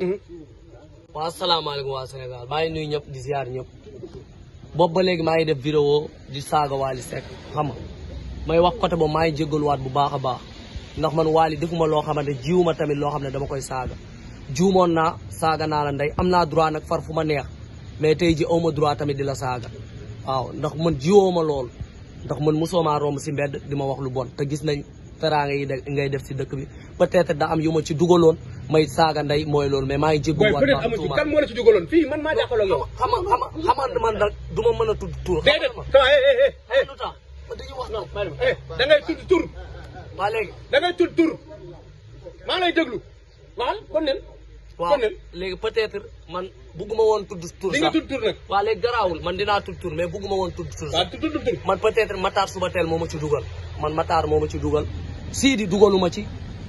Mm-hmm. waa Sénégal maa ngi nuyu ñëpp di ziar ñëpp boobu ba léegi maa ngi def vidéo di saaga Wally Seck xam nga may wax côté boobu maa ngi jégaluwaat bu baax a baax ndax man Wally defuma loo xamante jiwu ma tamit loo xam ne dama koy saaga juumoon naa saaga naa la ndey am naa droit nag far fu ma neex mais tey ji awma droit tamit di la saaga waaw ndax man jiwoo ma lool ndax man mosoo maa romb si mbedd di ma wax lu bon te gis nañ teraanga yi ngay def si dëkk bi peut daa am yu ma ci dugaloon may saaga ndey mooy lool mais maa ngi jégalu waat baax tuuma kan moo la ci dugaloon fii man maa jàppale yow xama xama ma mën a tudd tur déedéet eh, eh, eh, lu tax dañuy wax na da ngay tudd tur waa léegi da ngay tudd tur kon nen waaw léegi peut-être man bugguma woon tudd tur sax tudd tur nag man dinaa tudd tur mais woon tudd tur man peut-être Matar moo ma ci dugal man Matar moo ma ci dugal Sidi dugaluma ci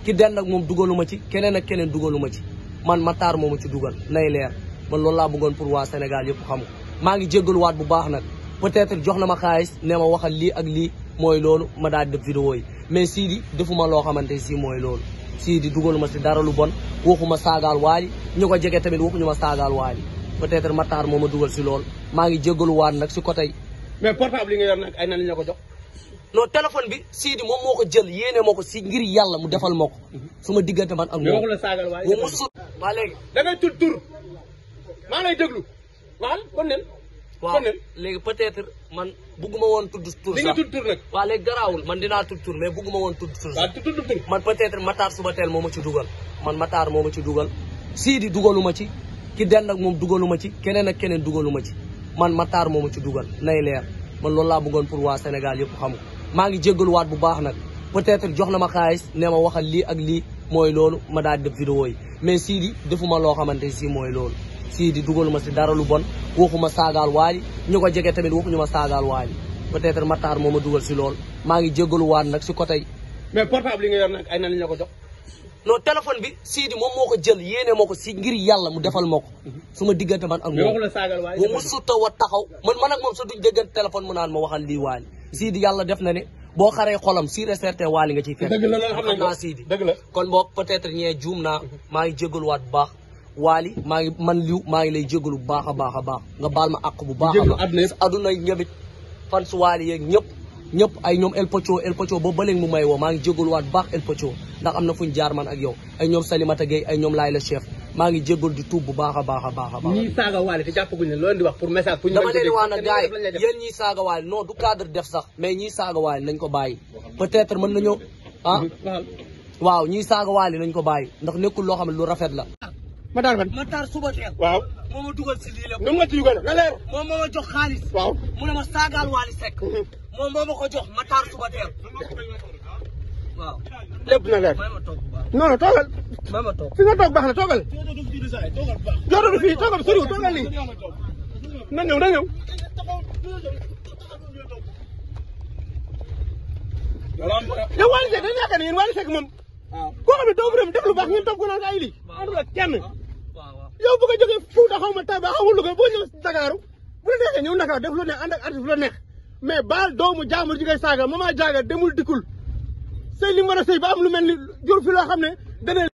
ki den nag moom dugaluma ci keneen ak keneen dugaluma ci man moom ma ci dugal nay leer man loolu laa bëggoon pour waa Sénégal yëpp xam ko maa ngi jéggaluwaat bu baax nag peut-être jox na ma xaalis ne ma wax waxal lii ak lii mooy loolu ma daal di def vidéo yi mais Sidi defuma loo xamante sii mooy loolu Sidi dugaluma si dara lu bon waxuma saagaal waaji ñu ko jege tamit waxuñu ma saagaal waaji peut ma taar moom ma dugal si lool maa ngi jéggaluwaat nag si côté. mais portable yi nga yor nag ay nan la ñu ko jox. non téléphone bi Sidi moom moo ko jël yéene moo ko si ngir yàlla mu defal moo ko suma diggante man ak moom mu musul waa léegi da ngay tur tur maa lay déglu être man bugguma woon tudd tur sax li nga léegi garaawul man dinaa tudd mais bugguma woon tudd sax man peut-être Matar suba teel moo ma ci dugal man Matar moo ma ci dugal siidi dugalu ma ci ki dend ak moom dugalu ma ci keneen ak keneen dugalu ma ci man mataar moo ma ci dugal nay leer man loolu laa bëggoon pour waa Sénégal yëpp xam ko maa ngi jéggaluwaat bu baax nag peut-être jox na ma xaalis ne ma waxal lii ak lii mooy loolu ma daal di def vidéo yi mais Sidy defuma loo xamante si mooy loolu Sidy dugaluma si dara lu bon waxuma saagaal waali ñoo ko jege tamit waxuñu ma saagaal waali peut-être Matar moo ma dugal si loolu maa ngi jéggaluwaat nag si côté. mais portable yi nga yor nag ay nan la ko jox. non téléphone bi Sidy moom moo ko jël yéene ma ko si ngir yàlla mu defal ma ko suma diggante man ak moom mu sutta wa taxaw man man ak moom sa duñ déggante téléphone mu naan ma waxal lii waali Sidi yàlla def na ne boo xaree xolam si et certain waali nga ciy fekk na la loolu xam kon boog peut-être ñee juum naa maa ngi jégaluwaat bu baax waali maa ngi man liw maa ngi lay jégalu bu baax a baax a baax nga baal ma àq bu baax a baax aduna ñëbit fan su waali yeeg ñëpp ñëpp a ñoom El Pocho El Pocho boobu ba mu may woo maa ngi jégaluwaat bu baax El ndax am na fu ñu jaar man ak yow ay ñoom Salimata Gueye ay ñoom laay la chef maa ngi jégal di tuub bu baax a baax a baax a baax. ñii saaga waale te jàppaguñ ne loolu di wax pour message. pour ñu dama leen wax nag gars yi yéen saaga waale non du cadre def sax mais ñii saaga waale nañ ko bàyyi peut-être na nañoo ah waaw ñii saaga waale nañ ko bàyyi ndax nekkul loo xam ne lu rafet la. ma taar man ma taar suba teel. waaw moo ma dugal si lii la. nu ma ci dugal nga leer. moom moo ma jox xaalis. waaw a ne ma saagaal waali sekk. Mm-hmm. moom moo ma ko jox ma taar suba teel. lépp na leer non non toogal. fi nga toog baax na toogal. jotoon fii toogal toogal nii. na ñëw na ñëw. yow Wally Seck dañu yaakaar ne yéen Wally Seck moom. koo xam ne doomu réew mi def lu baax ngeen toog ko naan ay yow bu ko jógee Fuuta xaw ma Tamba xaw ma Louga boo ñëwee Dakar bu la def lu neex ànd ak lu neex mais baal doomu jaamur ji ngay saaga mama jaaga demul dikkul. sëy li mu war a sëy ba am lu mel ni jur fi loo xam ne